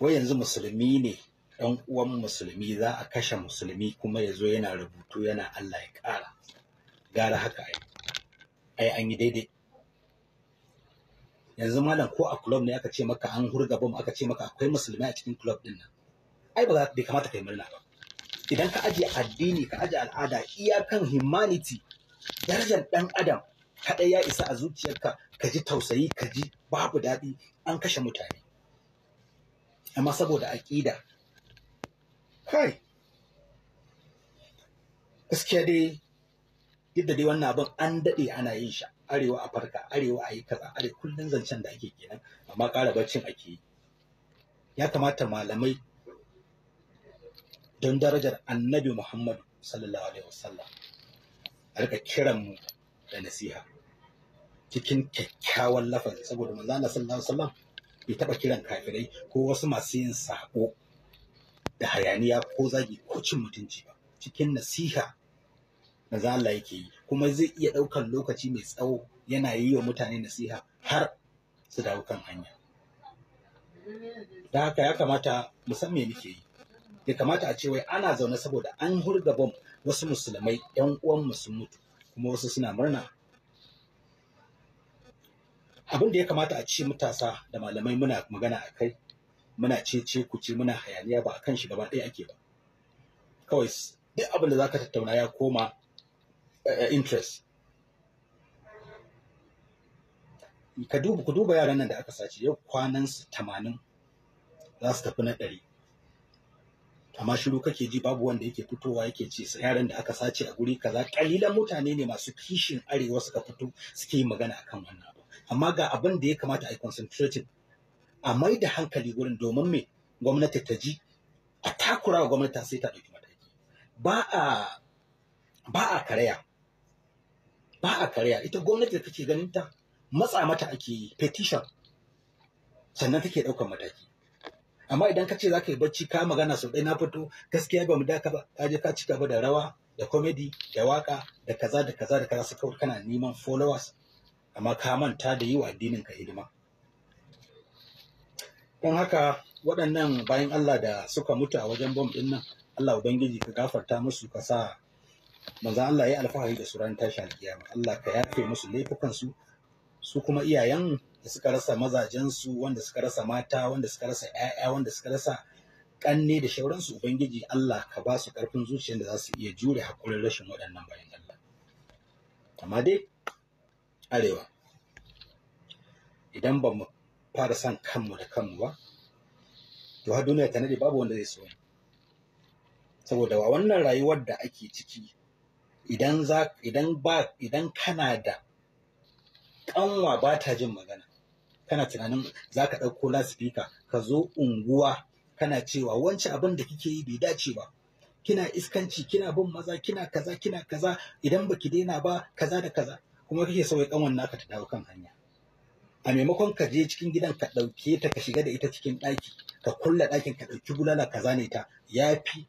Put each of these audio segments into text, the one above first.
wai yanzu musulmi ne dan uwan musulmi za a kashe musulmi kuma ya zo yana rubutu yana Allah ya ƙara gara haka ai ai an yi daidai yanzu malam ko a club ne aka ce maka an hurga bamu aka ce maka akwai musulmi a cikin club din nan ai ba za bai kamata kai murna ba idan ka aje addini ka aje al'ada iyakan humanity darajar dan adam kaɗai ya isa a zuciyarka ka ji tausayi ka ji babu daɗi an kashe mutane amma saboda aƙida kai gaskiya dai yadda dai wannan abin an daɗe ana yin shi arewa a farka arewa a yi kaza are kullum zancen da ake kenan amma ƙara barcin ake yi ya kamata malamai don darajar annabi muhammadu sallallahu alaihi wasallam a rika kiran mu da nasiha cikin kyakkyawan lafazi saboda manzo Allah sallallahu alaihi wasallam ya taɓa kiran kafirai ko wasu masu yin saƙo da hayaniya ko zagi ko cin mutunci ba cikin nasiha na Allah yake yi kuma zai iya ɗaukar lokaci mai tsawo yana yi wa mutane nasiha har su dawo kan hanya da haka ya kamata musamman muke yi ya kamata a ce wai ana zaune saboda an hurga bom wasu musulmai yan uwan sun mutu kuma wasu suna murna abin da ya kamata a ce matasa da malamai muna magana a kai muna ce ce ku ce muna hayaniya ba a kan shi gaba ɗaya ake ba kawai duk abin da za ka tattauna ya koma eh, interest ka duba ku duba yaran nan da aka sace yau kwanan su 80 za su tafi na 100 amma shiru kake ji babu wanda yake fitowa yake ce yaran da aka sace a guri kaza kalilan mutane ne masu kishin arewa suka fito suke yin magana akan wannan amma ga abin da ya kamata a yi concentrating a mai da hankali wurin domin mai gwamnati ta ji a takura wa gwamnati sai ta ɗauki mataki ba a ba a karaya ba a karaya ita gwamnati da kake ganin ta matsa mata ake yi petition sannan take ɗaukar mataki amma idan ka ce za ka yi barci ka magana sau ɗaya na fito gaskiya ba mu daka ba ka je ka ci gaba da rawa da comedy da waka da kaza da kaza da kaza su kana neman followers amma ka manta da yi wa addinin ka hidima don haka waɗannan bayan Allah da suka mutu a wajen bom ɗin nan Allah ubangiji ka gafarta musu ka sa manzo Allah ya alfahari da suran tashi alkiyama Allah ka yafe musu laifukan su su kuma iyayen da suka rasa mazajen su wanda suka rasa mata wanda suka rasa ƴaƴa wanda suka rasa kanne da su ubangiji Allah ka ba su karfin zuciyar da za su iya jure hakurin rashin waɗannan bayan Allah amma dai arewa idan ba mu fara san kanmu da kanmu ba to har duniya ta nade babu wanda zai so saboda wa wannan rayuwar da ake ciki idan za idan ba idan kana da kanwa ba ta jin magana kana tunanin za ka ɗauko speaker ka zo unguwa kana cewa wancan abin da kike yi bai dace ba kina iskanci kina bin maza kina kaza kina kaza idan baki daina ba kaza da kaza kuma kake so kai kanwan naka ta dawo kan hanya a maimakon ka je cikin gidan ka ɗauke ta ka shiga da ita cikin daki ka kulla ɗakin ka ɗauki bulala ka zane ta yafi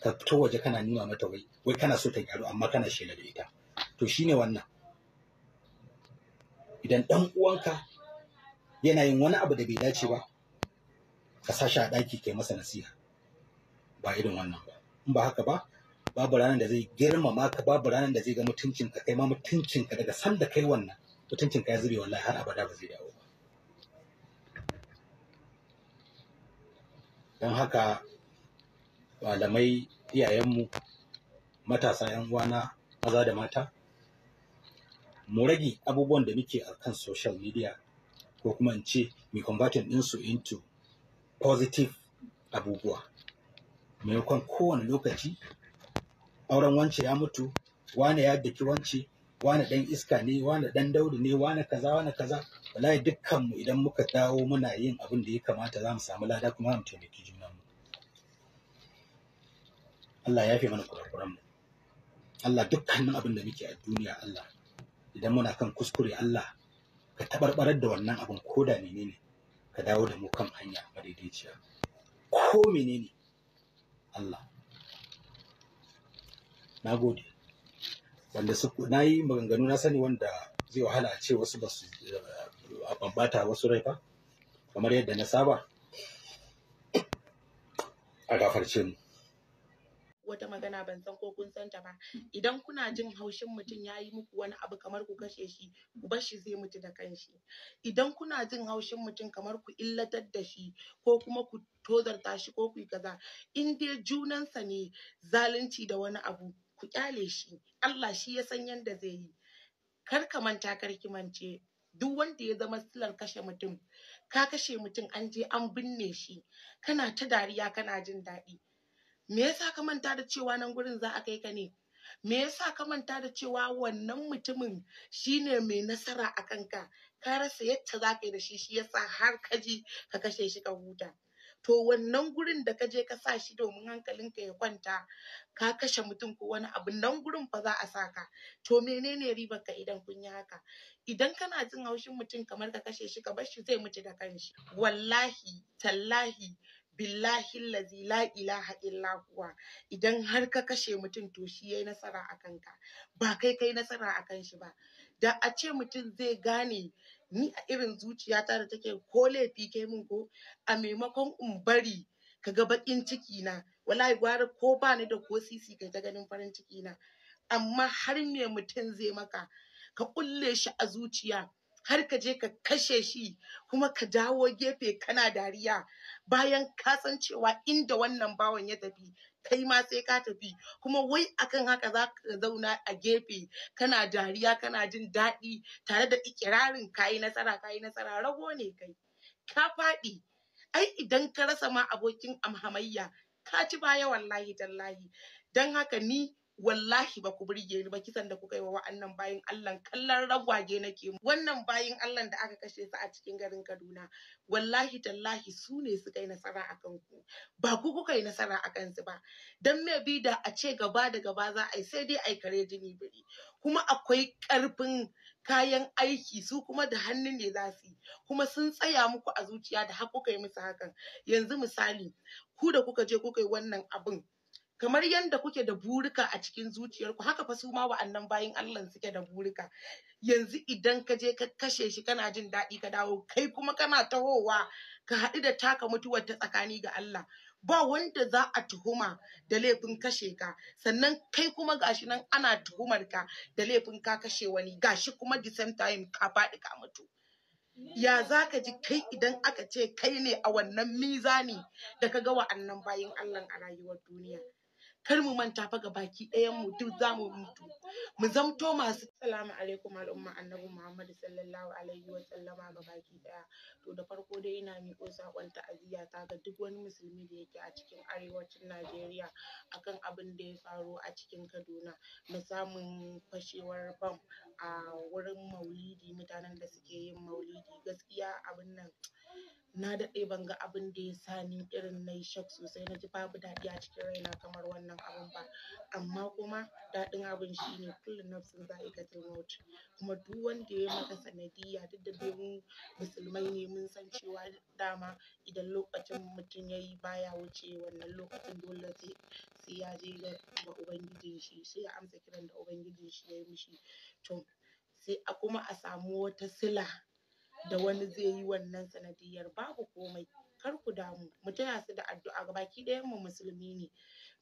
ka fito waje kana nuna mata wai wai kana so ta gyaru amma kana shela da ita to shine wannan idan ɗan uwanka yana yin wani abu da bai dace ba ka sashi a ɗaki kai masa nasiha ba irin wannan ba in ba haka ba babu ranar da zai girmama ka babu ranar da zai ga mutuncin ka kai ma mutuncin ka daga san da kai wannan mutuncin ka ya zube wallahi har abada ba zai dawo ba don haka malamai iyayenmu matasa yan uwana maza da mata mu rage abubuwan da muke a kan social media ko kuma in ce mu converting su into positive abubuwa maimakon kowane lokaci auren wance ya mutu wane ya daki wance wane dan iska ne wane dan daudi ne wane kaza wane kaza wallahi dukkanmu idan muka dawo muna yin abin da ya kamata za mu samu lada kuma mu taimaki juna mu Allah ya fi mana kurakuran mu Allah dukkanin abin da muke a duniya Allah idan muna kan kuskure Allah ka tabarbarar da wannan abin ko da menene ka dawo da mu kan hanya madaidaiciya ko menene Allah na gode wanda su na yi maganganu na sani wanda zai wahala a ce wasu ba su eh, bambata wasu rai ba kamar yadda na saba a gafarce mu wata magana ban san ko kun santa ba idan kuna jin haushin mutum ya yi muku wani abu kamar ku kashe shi ku bar shi zai mutu da kanshi idan kuna jin haushin mutum kamar ku illatar da shi ko kuma ku tozarta shi ko ku yi kaza in dai junansa ne zalunci da wani abu ku kyale shi Allah shi ya san yanda zai yi kar ka manta kar ki mance duk wanda ya zama silar kashe mutum ka kashe mutum an je an binne shi kana ta dariya kana jin daɗi me yasa ka manta da cewa nan gurin za a kai ka ne me yasa ka manta da cewa wannan mutumin shine mai nasara a kanka ka rasa yadda za ka yi da shi shi yasa har ka ji ka kashe shi ka huta to wannan gurin da ka je ka sa shi domin hankalinka ya kwanta ka kashe mutum ko wani abu nan gurin fa za a sa ka to menene ribar ka idan kun yi haka idan kana jin haushin mutum kamar ka kashe shi ka bar shi zai mutu da kanshi wallahi tallahi billahi lazi la ilaha illa huwa idan har ka kashe mutum to shi yayi nasara a kanka ba kai kai nasara a shi ba da a ce mutum zai gane ni a irin zuciyata da take ko laifi kai min ko a maimakon in bari ka ga baƙin ciki na wallahi gwara ko ba ni da ko sisi kai ta ganin farin ciki na amma har me mutum zai maka ka kulle shi a zuciya har ka je ka kashe shi kuma ka dawo gefe kana dariya bayan ka san cewa inda wannan bawan ya tafi kai ma sai ka tafi kuma wai akan haka za ka zauna a gefe kana dariya kana jin daɗi tare da ikirarin kayi nasara kayi nasara rago ne kai ka faɗi ai idan ka rasa ma abokin amhamayya ka ci baya wallahi tallahi don haka ni wallahi ba ku burge ni ba kisan da kuka yi wa wa'annan bayin Allah kallon ragwage nake wannan bayin Allah da aka kashe su a cikin garin Kaduna wallahi tallahi su ne suka yi nasara a kanku ba ku kuka yi nasara a kansu ba dan me bi da a ce gaba da gaba za a yi sai dai a yi kare jini biri kuma akwai karfin kayan aiki su kuma da hannu ne za su yi kuma sun tsaya muku a zuciya da har kuka yi musu hakan yanzu misali ku da kuka je kuka yi wannan abin kamar yadda kuke da burika a cikin zuciyarku haka fa su ma wa'annan bayin Allah suke da burika yanzu idan ka je ka kashe shi kana jin daɗi ka dawo kai kuma kana tahowa ka haɗu da taka mutuwar ta tsakani ga Allah ba wanda za a tuhuma da laifin kashe ka sannan kai kuma gashi nan ana tuhumar ka da laifin ka kashe wani gashi kuma the same time ka faɗi ka mutu ya za ka ji kai idan aka ce kai ne a wannan mizani da ka ga wa'annan bayin Allah a rayuwar duniya kar mu manta fa ga baki ɗayan mu duk za mu mutu mu zamto masu salamu alaikum al'umma annabi muhammad sallallahu alaihi wa sallama ga baki ɗaya to da farko dai ina miƙo saƙon ta'aziyya ta ga duk wani musulmi da yake a cikin arewacin najeriya akan abin da ya faru a cikin kaduna na samun fashewar bam a wurin maulidi mutanen da suke yin maulidi gaskiya abin nan na daɗe ban ga abin da ya sa ni irin na shak sosai na ji babu daɗi a cikin raina kamar wannan abin ba amma kuma daɗin abin shi ne kullum nafsin za a maut kuma duk wanda ya yi maka sanadiyya duk da dai mu musulmai ne mun san cewa dama idan lokacin mutum ya yi baya wuce wannan lokacin dole sai sai ya je ga ubangijin shi sai ya amsa kiran da ubangijin shi ya yi mishi to sai a kuma a samu wata sila da wani zai yi wannan sanadiyyar babu komai kar ku damu mu taya su da addu'a ga baki ɗayan mu musulmi ne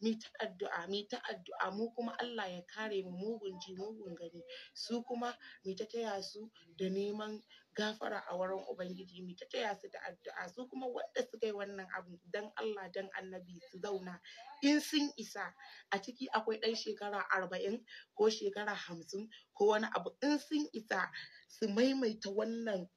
mu ta addu'a mu ta addu'a mu kuma Allah ya kare mu mugun ji mugun gani su kuma mu ta taya su da neman gafara a wurin ubangiji mu ta taya su da addu'a su kuma wanda suka yi wannan abu dan Allah dan annabi su zauna in sun isa a ciki akwai ɗan shekara arba'in ko shekara hamsin ko wani abu in sun isa su maimaita wannan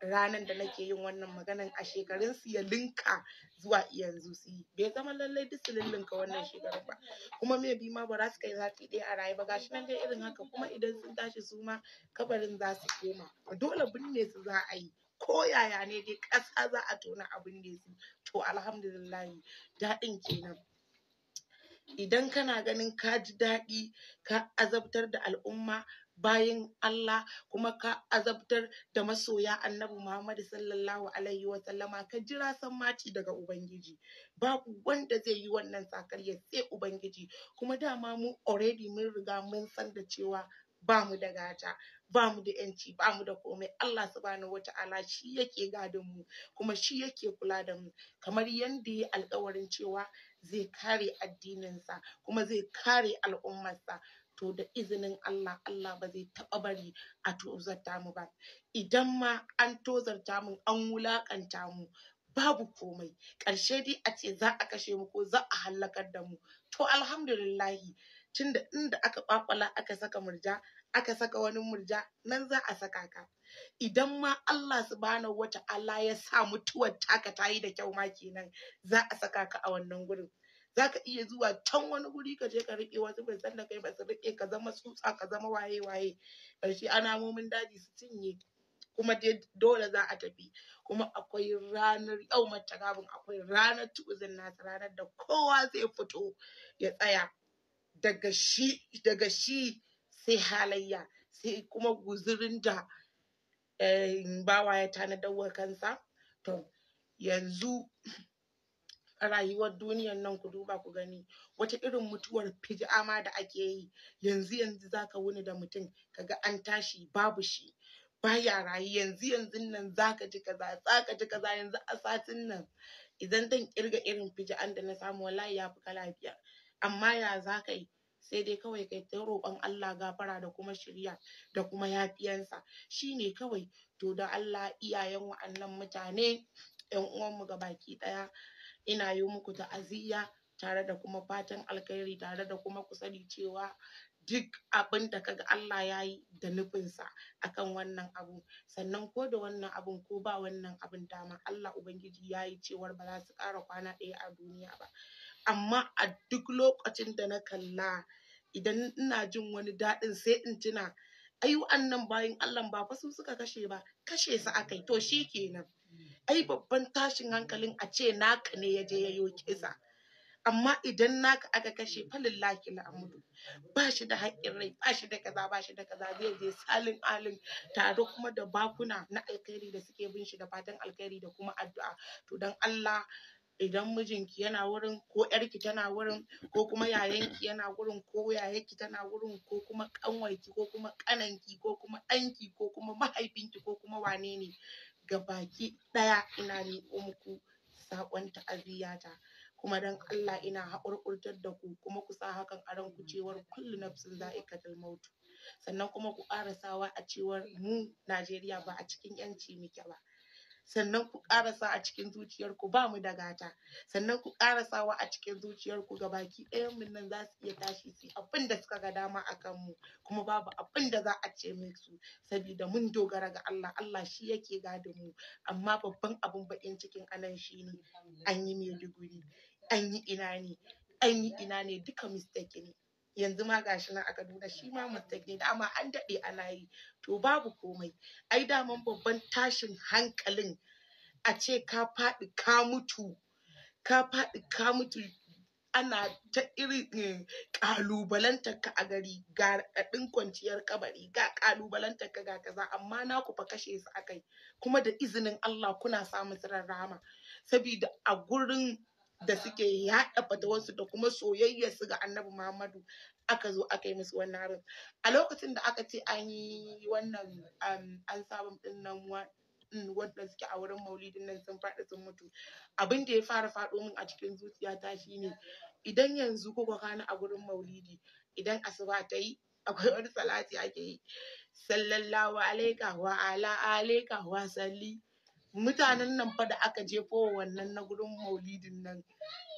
ranar da nake yin wannan maganan a shekarun su ya linka zuwa yanzu su yi bai zama lallai duk su linka wannan shekarun ba kuma me bi ma ba za su kai zafi ɗaya a rayuwa. ba gashi nan dai irin haka kuma idan sun tashi su ma kabarin za su koma dole binne su za a yi ko yaya ne dai ƙasa za a tona a binne su to alhamdulillahi daɗin kenan idan kana ganin ka ji daɗi ka azabtar da al'umma bayan Allah kuma ka azabtar da masoya annabi Muhammad sallallahu alaihi wa sallama ka jira san Mati daga ubangiji babu wanda zai yi wannan sakarya sai ubangiji kuma dama mu already mun riga mun san da cewa ba mu da gata ba mu da yanci ba mu da komai Allah subhanahu wata'ala shi yake gadon mu kuma shi yake kula da mu kamar yanda ya alƙawarin cewa zai kare addininsa kuma zai kare al'ummarsa to da izinin Allah Allah ba zai taɓa bari a tozarta mu ba idan ma an tozarta mu an wulaƙanta mu babu komai ƙarshe dai a ce za a kashe mu ko za a hallakar da mu to alhamdulillahi tunda inda aka ƙwaƙwala aka saka murja aka saka wani murja nan za a saka ka idan ma Allah subhanahu wata'ala ya sa mutuwar taka tayi da kyau ma kenan za a saka ka a wannan gurin Za ka iya zuwa can wani guri ka je ka riƙe wasu bai san da kai ba su riƙe ka zama tsutsa ka zama waye waye ƙarshe anamomin daji su cinye kuma dai dole za a tafi kuma akwai ranar yau mace akwai ranar tu'uzin nasa ranar da kowa zai fito ya tsaya daga shi daga shi sai halayya sai kuma guzurin da eh, bawa ya tana dawar kansa to yanzu rayuwar duniyan nan ku duba ku gani wata irin mutuwar fijama da ake yi yanzu yanzu zaka wuni da mutum ka ga an tashi babu shi baya rayu yanzu yanzun nan zaka ji kaza zaka ji kaza yanzu a satin nan idan zan kirga irin fiji'an da na samu wallahi ya fi kala biyar amma ya za ka yi sai dai kawai kai ta roƙon Allah gafara da kuma shirya da kuma yafiyansa ne kawai to da Allah iyayen wa'annan mutane 'yan uwanmu baki ɗaya ina yi muku ta'aziyya tare da kuma fatan alkhairi tare da kuma ku sani cewa duk abin da kaga Allah ya yi da nufinsa akan wannan abu sannan ko da wannan abun ko ba wannan abun dama Allah Ubangiji ya yi cewar ba za su ƙara kwana ɗaya a duniya ba amma a duk lokacin da na kalla idan ina jin wani daɗin sai in tuna ayu annan bayan Allah ba fa su suka kashe ba kashe su akai to shikenan ai babban tashin hankalin a ce naka ne ya je ya yayo kisa amma idan naka aka kashe falillahi alhamdu ba shi da haƙƙin rai ba shi da kaza ba shi da kaza zai je salin alin tare kuma da bakuna na alkhairi da suke bin shi da fatan alkhairi da kuma addu'a to dan Allah idan mijinki yana wurin ko yarki tana wurin ko kuma yayanki yana wurin ko yayanki tana wurin ko kuma kanwarki ko kuma kananki ko kuma danki, ko kuma mahaifinki ko kuma wane ne ga baki ɗaya ina miƙo muku saƙon ta'aziyyata kuma don Allah ina haƙurƙurtar da ku kuma ku sa hakan a ranku cewar kullu nafsin za'iqatul maut sannan kuma ku ƙara sawa a cewar mu Najeriya ba a cikin yanci muke ba sannan ku ƙarasa a cikin zuciyarku ba mu da gata sannan ku ƙarasawa a cikin zuciyarku baki ɗayan mu nan za su iya tashi su abin da suka ga dama a kanmu. kuma babu abin da za a ce musu Sabida mun dogara ga Allah Allah shi yake gadin mu amma babban abin bakin cikin anan shine an yi Maiduguri an yi ina ne an yi ina ne duka mistake ne yanzu ma gashi nan a Kaduna shi ma da amma an daɗe a layi to babu komai ai daman babban tashin hankalin a ce ka faɗi ka mutu ka faɗi ka mutu ana ta iri eh, ƙalubalantar ka a gari ga raɗaɗin kwanciyar kabari ga ƙalubalantar ka ga kaza amma na ku fa kashe su akai kuma da izinin Allah kuna samun sirrin rahama sabida a gurin da suke yaɗa fatawarsu da kuma soyayyarsu ga annabi Muhammadu aka zo aka yi musu wannan harin. A lokacin da aka ce an yi wannan um, an sabon ɗin nan mm, wanda suke a wurin maulidin nan sun faɗi sun mutu. Abin da ya fara faɗo min a cikin zuciya ta fi ne. idan yanzu kuka kwana a gurin maulidi idan asuba ta yi akwai wani salati ake yi sallallahu alaika wa ala alaika wa salli mutanen nan fa da aka jefo wannan na gurin maulidin nan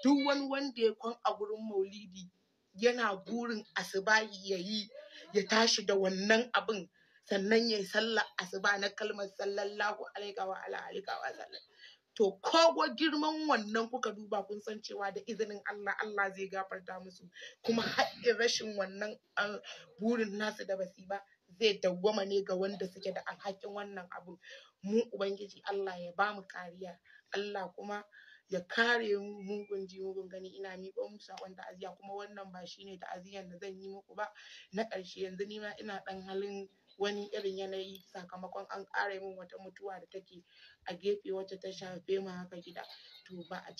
duk wani wanda ya kwan a gurin maulidi yana burin asuba ya yi ya tashi da wannan abin sannan ya yi sallar asuba na kalmar sallallahu alaika wa ala alaika wa sallam to kogo girman wannan kuka duba kun san cewa da izinin Allah Allah zai gafarta musu kuma haɗin rashin wannan ah, burin nasu da basi ba zai dawwama ne ga wanda suke da alhakin wannan abu mu ubangiji Allah ya ba mu kariya Allah kuma ya kare mu mugun ji mugun gani ina miƙo sakon saƙon aziya kuma wannan ba shine ta'aziyyar da zan yi muku ba na ƙarshe yanzu ni ma ina ɗan halin wani irin yanayi sakamakon an kare mun wata mutuwa da take a gefe wacce ta shafe mu haka gida to ba a